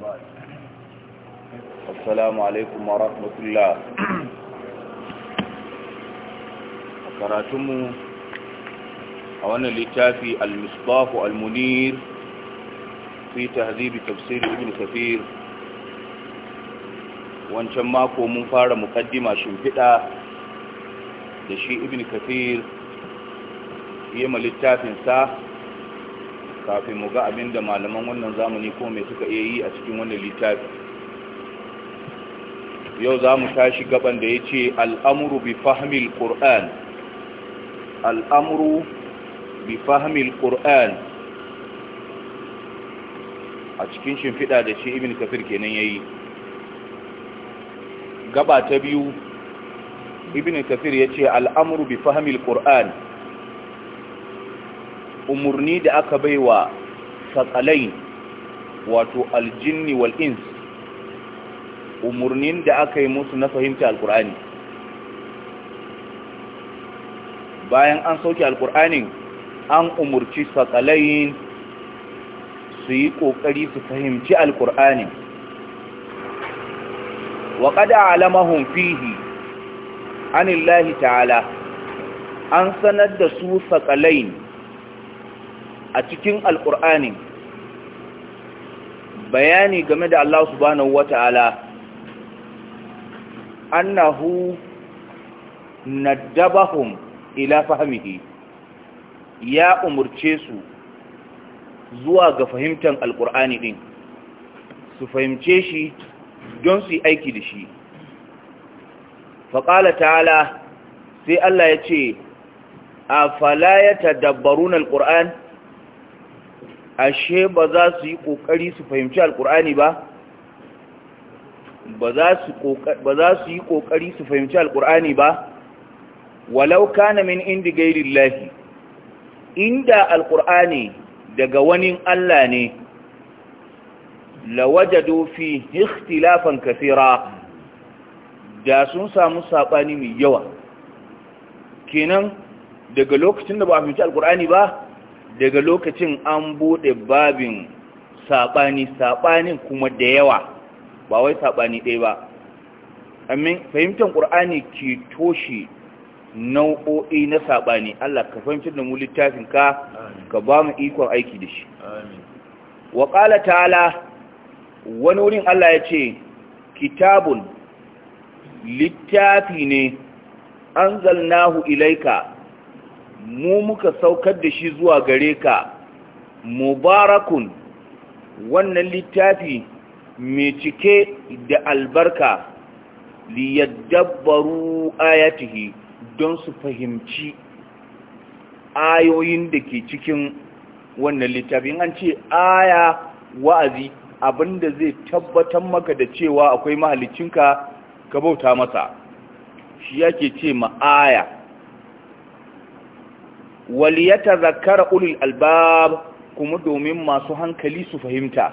وبعد السلام عليكم ورحمة الله قراتمو أولا لتافي المصباح المنير في تهذيب تفسير ابن كثير wancan mako mun fara mukaddima shimfiɗa da shi ibn kafir yi ma littafinsa kafin mu ga abin da malaman wannan zamani ko mai suka iya yi a cikin wannan littafi yau za mu tashi gaban da ya ce al'amuru bi fahimil ƙur'an al'amuru bi fahimil ƙur'an a cikin shimfiɗa da shi ibn kafir kenan ya yi gaba ta biyu ibn kafir ya ce al'amuru bi fahimil ƙur'an umarni da aka baiwa sakalain wato aljinni wal umarnin da aka yi musu na fahimta alkur'ani bayan an sauke alkur'anin an umarci sakalain su yi ƙoƙari su fahimci alkur'anin wa kada alamahun fihi anillahi ta'ala an sanar da su sakalain a cikin alƙur'ani bayani game da Allah subhanahu wata'ala annahu naddabahum ila fahmihi ya umurce su zuwa ga fahimtar alƙur'ani din su fahimce shi don su yi aiki da shi faƙala ta'ala sai Allah ya ce a falayata ya tadabbarun ashe ba za su yi ƙoƙari su fahimci alƙur'ani ba ba za su yi kokari su fahimci alkur'ani ba walau kana min indi gairillahi. inda alƙur'ani daga wani Allah ne lawajadu fi ikhtilafan kafira. da sun samu saɓani mai yawa kenan daga lokacin da ba a fahimci alƙur'ani ba daga lokacin an bude babin saɓani saɓanin kuma da yawa ba wai saɓani ɗaya ba amin fahimtar ƙur'ani ke toshe nau'o'i na saɓani Allah ka fahimci da mu littafin ka ka ba mu ikon aiki da shi wa ƙala ta'ala wani wurin Allah ya ce kitabun littafi ne an zalnahu ilaika mu muka saukar da shi zuwa gare ka mubarakun wannan littafi mai cike da albarka liyadabbaru ayatihi don su fahimci ayoyin da ke cikin wannan littafin an ce aya wa'azi abinda zai tabbatar maka da cewa akwai mahalicinka ka bauta masa shi yake ce ma aya waliyata zakara ulul albab kuma domin masu hankali su fahimta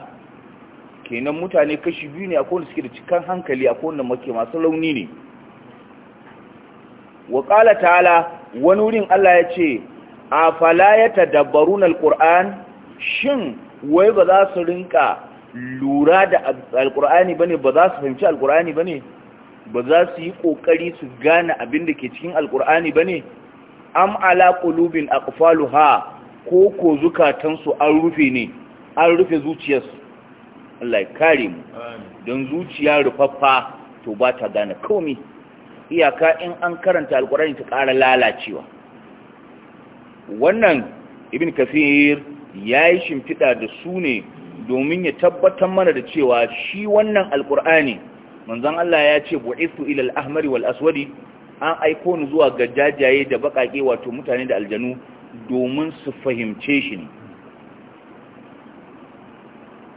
kenan mutane kashi biyu ne akwai wanda suke da cikan hankali akwai wanda make masu launi ne wa qala ta'ala wani wurin Allah ya ce afala yatadabbaruna alquran shin wai ba za su rinka lura da alqur'ani bane ba za su fahimci alqur'ani bane ba za su yi kokari su gane abin da ke cikin alqur'ani bane am ala qulubin aqfaluha ko ko zukatansu an rufe ne an rufe zuciyarsu Allah ya don zuciya rufaffa to ba ta gane komai iyaka in an karanta alkurani ta ƙara lalacewa wannan ibn kafir yayi yi shimfiɗa da su ne domin ya tabbatar mana da cewa shi wannan Alƙur'ani manzon Allah ya ce bu'ithu ila al-ahmari wal aswadi an aiko ni zuwa ga jajaye da baƙaƙe wato mutane da aljanu domin su fahimce shi ne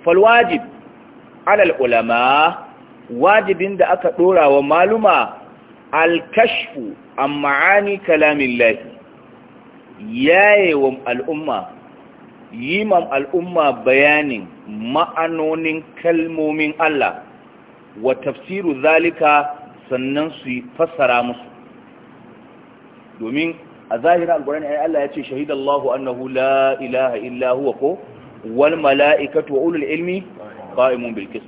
falwajib alal ulama wajibin da aka ɗora wa maluma alkashfu an ma'ani kalamin lafi yaye wa al'umma yi ma al'umma bayanin ma'anonin kalmomin Allah wa tafsiru zalika sannan su fassara musu domin a zahira ya yi, Allah ya ce shahidallahu annahu la ilaha illa huwa ko wal mala'ikatu wa ulul ilmi qa'imun bil qist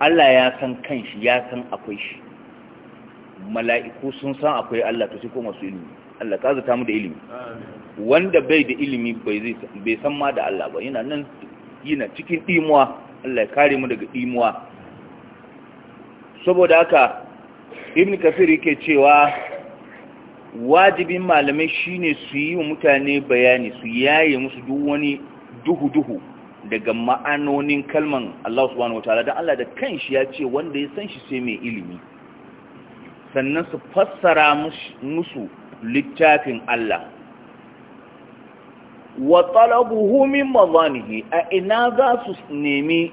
Allah ya san kanshi ya san akwai shi mala'iku sun san akwai Allah to sai ko masu ilimi Allah ka zata mu da ilimi wanda bai da ilimi bai bai san ma da Allah ba yana nan yana cikin dimuwa Allah ya kare mu daga dimuwa saboda haka ibn kafir yake cewa wajibin malamai shine su yi wa mutane bayani su yaye musu duk wani duhu-duhu daga ma'anonin kalman Allah subhanahu wataala dan Allah da kanshi ya ce wanda ya san shi sai mai ilimi sannan su fassara musu littafin Allah wa talabuhu min mazanihi a ina za su nemi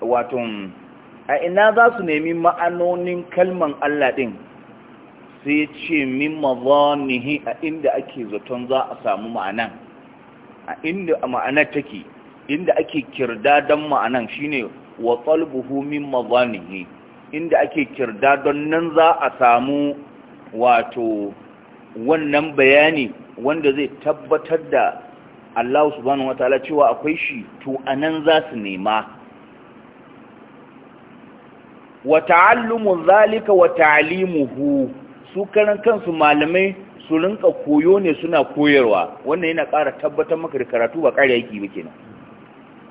wato a ina za su nemi ma'anonin kalman Allah din sai ce min mazanihi a inda ake zaton za a samu ma'anan a inda ma'anar take inda ake kirda don ma'anan shine wa qalbuhu min mazanihi inda ake kirda don nan za a samu wato wannan bayani wanda zai tabbatar da Allah subhanahu wataala cewa akwai shi to anan za su nema wa ta'allumu zalika wa ta'limuhu su karan kansu malamai su rinka koyo ne suna koyarwa wannan yana ƙara tabbatar maka da karatu ba ƙara yake ba kenan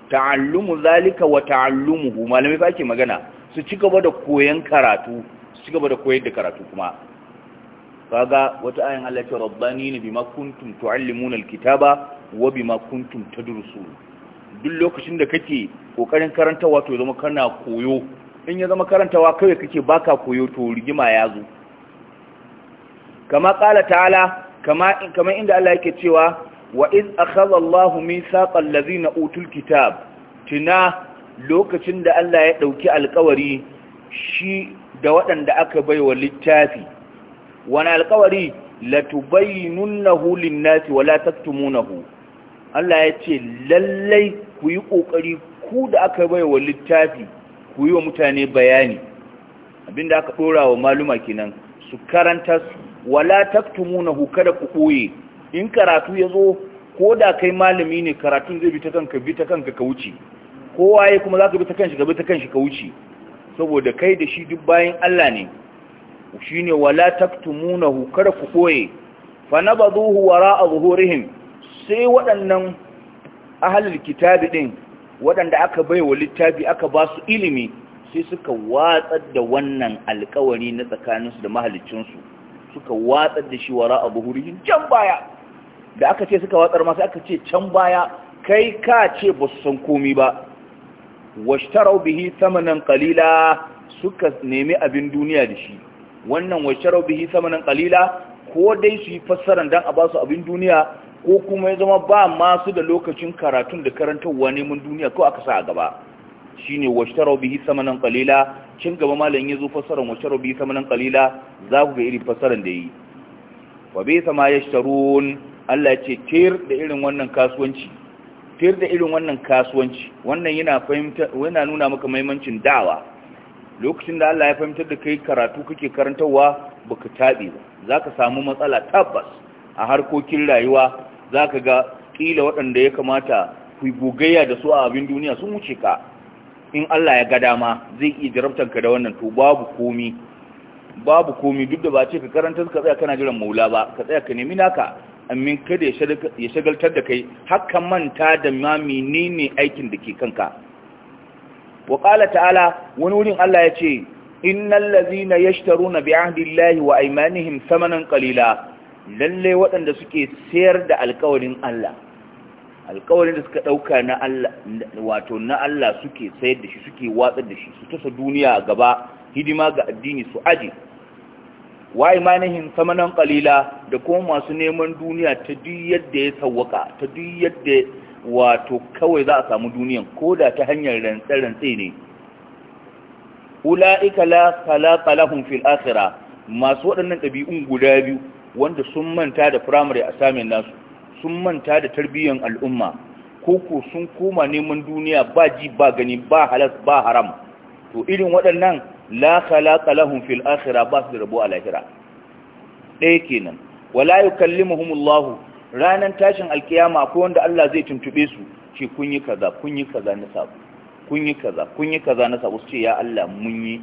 ta'allumu zalika wa ta'allumuhu malamai fa ake magana su ci gaba da koyan karatu su ci gaba da koyar da karatu kuma kaga wata ayin Allah ce rabbani ne bima kuntum tuallimuna alkitaba wa bima kuntum tadrusun duk lokacin da kake kokarin karantawa to zama kana koyo in ya zama karantawa kawai kake baka koyo to rigima ya zo kama ƙala ta'ala kama inda Allah yake cewa wa iz akhadha Allahu mithaqal ladhina utul kitab tina lokacin da Allah ya dauki alƙawari shi da waɗanda aka baiwa littafi wani alƙawari latubayyinunahu lin wala taktumunahu Allah ya ce lallai ku yi ƙoƙari ku da aka baiwa littafi ku yi wa mutane bayani abinda aka ɗora wa maluma kenan su karanta su wala taktumunahu kada ku ɓoye in karatu yazo zo ko da kai malami ne karatun zai bi ta kanka bi ta kanka ka wuce kowa yayi kuma zaka ka bi ta kanshi ka bi ta kanshi ka wuce saboda kai da shi duk bayan Allah ne shine ne wala taktumunahu kada ku ɓoye fa nabaduhu wara'a zuhurihim sai waɗannan ahlul kitabi din waɗanda aka baiwa littafi aka ba su ilimi sai suka watsar da wannan alkawari na tsakaninsu da mahalicinsu suka watsar da shi wara a buhurihin can baya da aka ce suka watsar masu aka ce can baya kai ka ce ba su san komi ba washtarau bihi samanin kalila suka nemi abin duniya da shi wannan washtarau bihi samanin kalila ko dai su yi fassaran don a ba su abin duniya ko kuma ya zama ba masu da lokacin karatun da karantarwa neman duniya ko aka sa a gaba shine washtaro bihi samanan qalila cin gaba malam yazo fasaran washtaro bihi samanan qalila za ku ga irin fasaran da yi wa bi sama yashtarun Allah ya ce tir da irin wannan kasuwanci tir da irin wannan kasuwanci wannan yana nuna maka muhimmancin da'awa lokacin da Allah ya fahimtar da kai karatu kake karantawa baka tabe ba zaka samu matsala tabbas a harkokin rayuwa zaka ga ƙila waɗanda ya kamata ku gogayya da su a abin duniya sun wuce ka in Allah ya ga dama zai iya jarabtanka da wannan to babu komi babu komi duk da ba ce ka karanta ka tsaya kana jiran maula ba ka tsaya ka nemi naka amin kada ya shagaltar da kai haka manta da ma menene aikin da ke kanka wa qala ta'ala wani wurin Allah ya ce innal ladhina yashtaruna bi ahdillahi wa aymanihim thamanan qalila lalle waɗanda suke sayar da alƙawarin Allah alkawarin da suka ɗauka na Allah wato na Allah suke sayar da shi suke watsar da shi su tasa duniya gaba hidima ga addini su aji wa imanihin samanan kalila da kuma masu neman duniya ta duk yadda ya sawwaka ta duk yadda wato kawai za a samu duniyan ko da ta hanyar rantse-rantse ne ula'ika la salaqa lahum fil akhirah masu waɗannan ɗabi'un guda biyu wanda sun manta da primary assignment nasu sun manta da tarbiyyar al'umma koko sun koma neman duniya ba ji ba gani ba halas ba haram to irin waɗannan la khalaqa lahum fil akhirah ba su da rabo a lahira ɗaya kenan wala Allah Ranar tashin alkiyama akwai wanda Allah zai tuntube su ce kun yi kaza na sabo ce ya Allah mun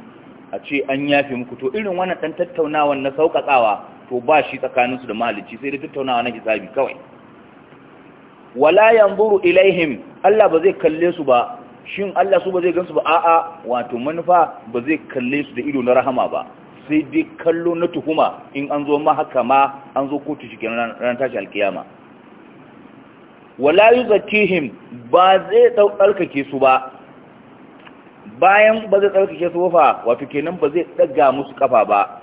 a ce an yafe muku to irin wannan dan tattaunawa na saukakawa to ba shi tsakaninsu da mahalicci sai da tattaunawa na hisabi kawai wala yanzuru ilaihim Allah ba zai kalle su ba shin Allah su ba zai gansu ba a'a wato manufa ba zai kalle su da ido na rahama ba sai dai kallo na tuhuma in an zo mahakama an zo kotu shi kenan ran tashi alkiyama wala yuzakihim ba zai tsarkake su ba bayan ba zai tsarkake su ba, wato kenan ba zai daga musu kafa ba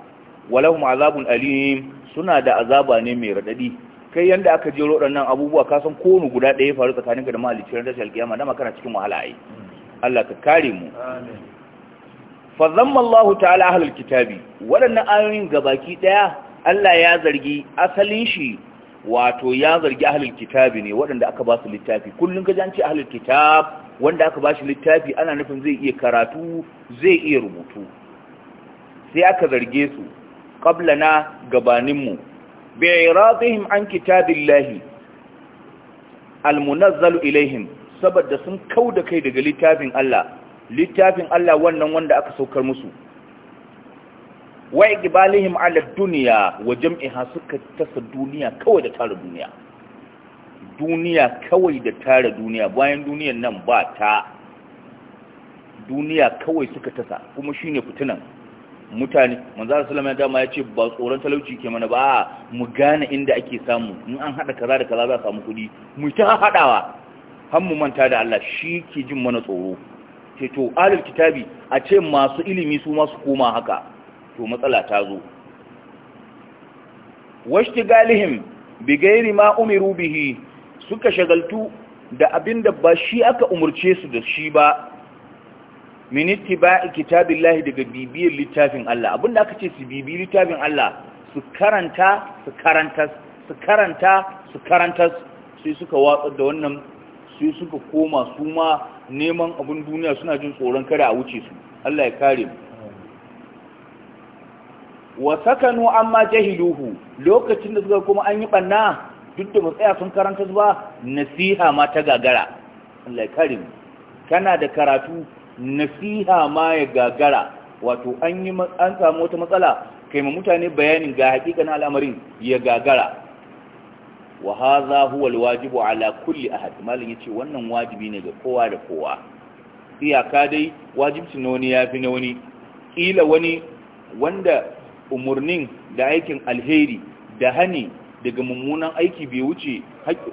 walahum azabun alim suna da azaba ne mai radadi kai yanda aka jero waɗannan abubuwa kasan san kowane guda ɗaya ya faru tsakaninka da mahaliciyar tashar alkiyama dama kana cikin wahala ai Allah ka kare mu fa zamma Allah ta'ala ahlul kitabi waɗannan ayoyin baki ɗaya Allah ya zargi asalin shi wato ya zargi ahlul kitabi ne waɗanda aka ba su littafi kullun ka ji an ce kitab wanda aka ba shi littafi ana nufin zai iya karatu zai iya rubutu sai aka zarge su qablana gabaninmu bi'iradihim an kitabillahi almunazzalu ilaihim saboda sun kauda kai daga littafin Allah littafin Allah wannan wanda aka saukar musu wa igbalihim ala dunya wa jam'iha suka tasa duniya kawai da tara duniya duniya kawai da tare duniya bayan duniyan nan ba ta duniya kawai suka tasa kuma shine fitinan mutane manzo sallallahu alaihi wasallam ya ce ba tsoron talauci ke mana ba mu gane inda ake samu in an hada kaza da kaza za a samu kudi mu ta hadawa har mu manta da Allah shi ke jin mana tsoro ce to alil kitabi a ce masu ilimi su masu koma haka to matsala ta zo washti galihim bi gairi ma umiru bihi suka shagaltu da abinda ba shi aka umurce su da shi ba min ittiba'i kitabillahi daga bibiyar littafin Allah abinda aka ce su bibi littafin Allah su karanta su karanta su karanta su karanta sai suka watsar da wannan sai suka koma su ma neman abin duniya suna jin tsoron kada a wuce su Allah ya kare mu wa sakanu amma jahiluhu lokacin da suka kuma an yi banna duk da matsaya sun karanta ba nasiha ma ta gagara Allah ya kare kana da karatu nasiha ma ya gagara wato an yi an samu wata matsala kai ma mutane bayanin ga hakikanin al'amarin ya gagara wa hadha huwa alwajibu ala kulli ahad malin yace wannan wajibi ne ga kowa da kowa iyaka dai wajibci na wani yafi na wani kila wani wanda umurnin da aikin alheri da hani daga mummunan aiki bai wuce haƙƙi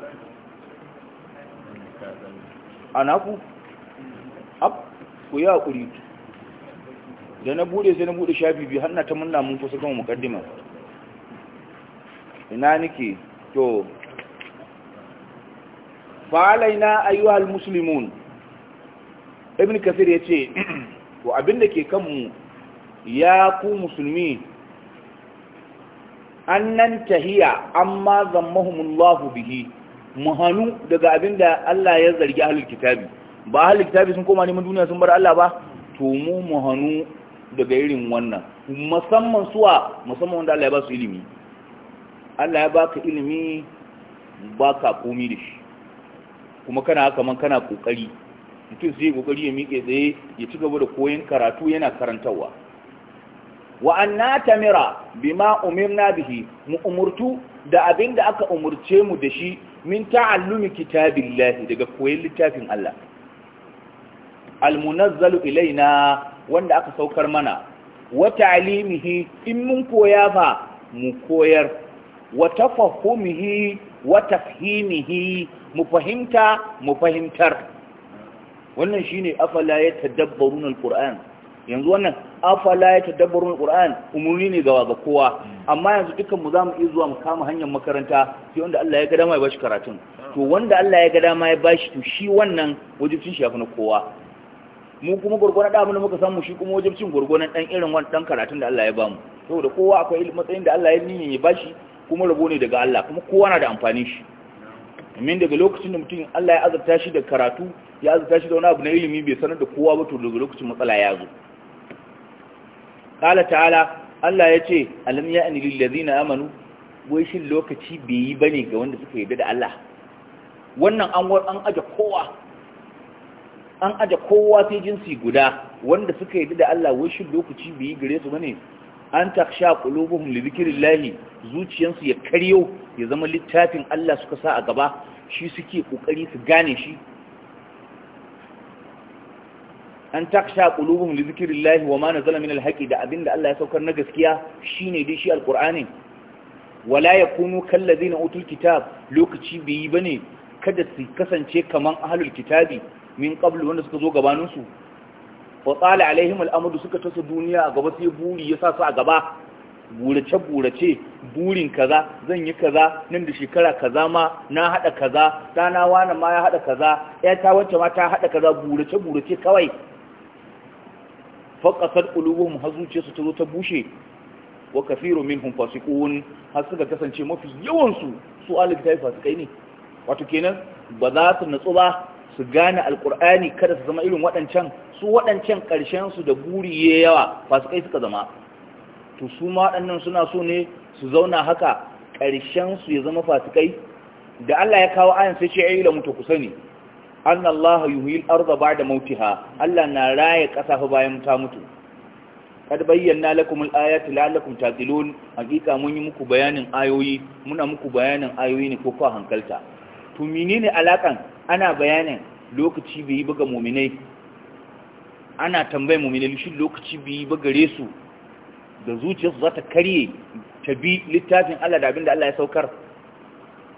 anaku ko ya haƙuri da na bude sai na bude shafi biyu har na ta munna mun kusa kan mukaddima ina nake to alaina ayyuhal muslimun ibn kafir yace to abin da ke kanmu ya ku musulmi nan tahiya amma zammahumullahu bihi mu daga abinda Allah ya zargi ahlul kitabi ba ahli kitabi sun koma neman duniya sun bar Allah ba to mu mu hanu daga irin wannan musamman suwa musamman wanda Allah ya ba su ilimi Allah ya baka ilimi baka komi da shi kuma kana haka man kana kokari mutum sai kokari ya miƙe tsaye ya ci gaba da koyon karatu yana karantawa. wa anna tamira bima umirna bihi mu umurtu da abinda aka umurce mu da shi min ta'allumi kitabillahi daga koyon littafin Allah almunazzalu ilaina wanda aka saukar mana wa ta'limihi in mun koya fa mu koyar wa tafahumihi wa tafhimihi mu fahimta mu fahimtar wannan shine afala ya tadabbarun alquran yanzu wannan afala ya tadabbarun alquran umurni ne gawa ga kowa amma yanzu dukan mu zamu iya zuwa mu kama hanyar makaranta sai wanda Allah ya ga dama ya bashi karatun to wanda Allah ya ga dama ya bashi to shi wannan wajibin shi yafi na kowa mu kuma gurgunan da muna muka samu shi kuma wajen cin gurgunan dan irin wani dan karatun da Allah ya bamu saboda kowa akwai matsayin da Allah ya nini ya bashi kuma rabo ne daga Allah kuma kowa na da amfani shi Amin daga lokacin da mutum Allah ya azurta shi da karatu ya azurta shi da wani abu na ilimi bai sanar da kowa ba to daga lokacin matsala ya zo qala ta'ala Allah ya ce alam ya anil ladina amanu wai shin lokaci bai yi bane ga wanda suka yarda da Allah wannan an an aje kowa an aje kowa sai jinsi guda wanda suka yi da Allah wai shi lokaci bai gare su bane an taksha qulubuhum li dhikrillah zuciyansu ya karyo ya zama littafin Allah suka sa a gaba shi suke kokari su gane shi an taksha qulubuhum li dhikrillah wa ma nazala min alhaqi da abinda Allah ya saukar na gaskiya shine dai shi alqur'ani wala yakunu ladina utul kitab lokaci bai bane kada su kasance kaman ahlul kitabi min qablu wanda suka zo gabanin su fa tsala alaihim al'amadu suka tasa duniya a gaba sai buri ya sa su a gaba burace burace burin kaza zan yi kaza nan da shekara kaza ma na hada kaza dana wani ma ya hada kaza ya ta wacce ma ta hada kaza burace burace kawai faƙasar ƙulubuhum hazuce su ta zo ta bushe wa kafiru minhum fasiqun har suka kasance mafi yawansu su alif ta yi fasikai ne wato kenan ba za su natsu ba su gane alkur'ani kada su zama irin waɗancan su waɗancan ƙarshensu da buri ya yawa su kai suka zama to su ma waɗannan suna so ne su zauna haka ƙarshensu ya zama fasikai. da Allah ya kawo ayan sai ce ayi la mutu ku sani anna Allah ba arda ba'da mautiha Allah na raya ƙasa fa bayan ta mutu kad bayyana lakum al-ayati la'allakum taqilun hakika mun yi muku bayanin ayoyi muna muku bayanin ayoyi ne ko ka hankalta to menene alakan ana bayanin lokaci bai yi ba ga ana tambayin muminai shi lokaci bai yi ba resu da zuciyarsu za ta karye ta bi littafin Allah da abin da Allah ya saukar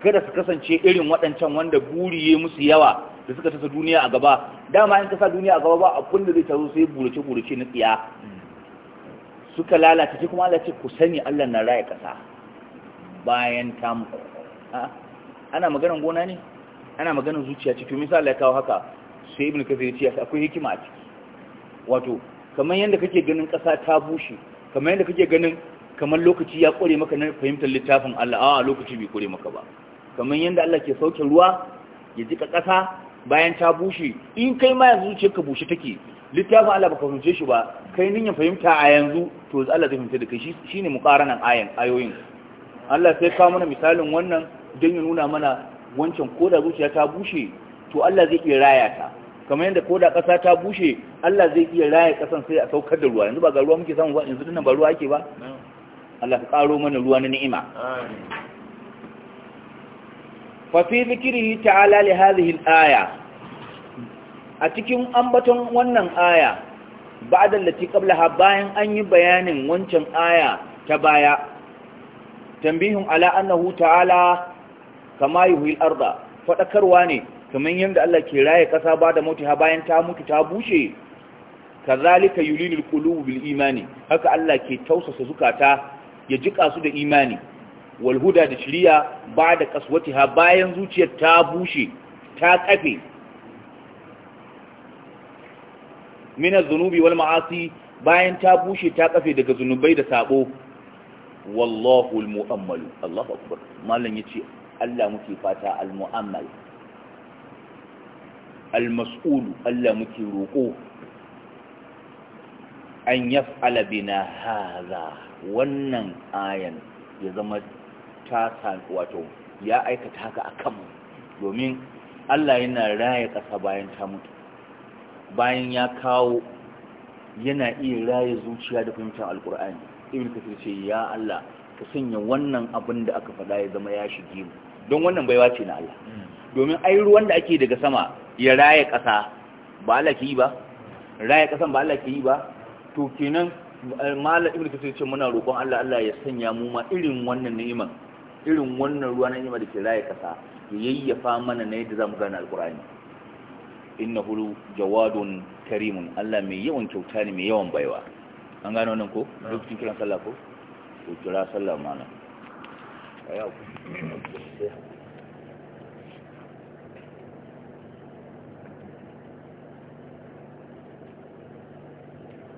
kada su kasance irin waɗancan wanda buriye musu yawa da suka tasa duniya a gaba dama in kasa duniya a gaba ba a kunda zai tazo sai burace-burace na tsiya suka lalata ce kuma Allah ce ku sani Allah na raya kasa bayan tamu ana maganar gona ne ana maganar zuciya ce to misali ya kawo haka sai ibnu kafir ya ce akwai hikima a ciki wato kamar yadda kake ganin ƙasa ta bushe kamar yadda kake ganin kamar lokaci ya kore maka na fahimtar littafin Allah a lokaci bai kore maka ba kamar yadda Allah ke sauke ruwa ya jika ƙasa bayan ta bushe in kai ma yanzu zuciyarka bushe take littafin Allah baka fahimce shi ba kai nin ya fahimta a yanzu to Allah zai fahimta da kai shine muqaranan ayan ayoyin Allah sai kawo mana misalin wannan don ya nuna mana wancan ko da zuciya ta bushe to Allah zai iya raya ta kamar yadda ko da ƙasa ta bushe Allah zai iya raya ƙasan sai a saukar da ruwa yanzu ba ga ruwa muke samu ba yanzu dinnan ba ruwa ake ba Allah ka ƙaro mana ruwa na ni'ima fa fi zikrihi ta'ala li hadhihi al-aya a cikin ambaton wannan aya ba'da allati qablaha bayan an yi bayanin wancan aya ta baya tambihin ala annahu ta'ala kama yuhil arda faɗakarwa ne kamar yadda Allah ke raye ƙasa ba da mutu ha bayan ta mutu ta bushe kazalika yulilul qulub bil imani haka Allah ke tausasa zukata ya jika su da imani wal huda da shiriya ba da ha bayan zuciyar ta bushe ta kafe min az-zunubi wal ma'asi bayan ta bushe ta kafe daga zunubai da sabo wallahu al-mu'ammalu Allahu akbar mallan yace Allah muke fata al-mu'ammal al-mas'ul Allah muke roƙo an yaf'ala bina hadha wannan ayan ya zama ta wato ya aikata haka akan mu domin Allah yana raye ƙasa bayan ta mutu bayan ya kawo yana iya raye zuciya da fahimtar alkur'ani ibn kafir ce ya Allah ka sanya wannan abin da aka faɗa ya zama ya shige mu don wannan baiwa ce na Allah domin ai ruwan da ake daga sama ya raya ƙasa ba Allah ke yi ba raya ƙasan ba Allah ke yi ba to kenan eh, malam ibnu kasir ce muna roƙon Allah Allah ya sanya mu ma irin wannan ni'imar irin wannan ruwa na ni'ima da ke raya ƙasa ya yayyafa mana na yadda zamu gane alqur'ani innahu jawadun karimun Allah mai yawan kyauta ne mai yawan baiwa an gano nan ko Duk cikin kiran sallah ko ko kira sallah mana ayo Yeah. Mm-hmm.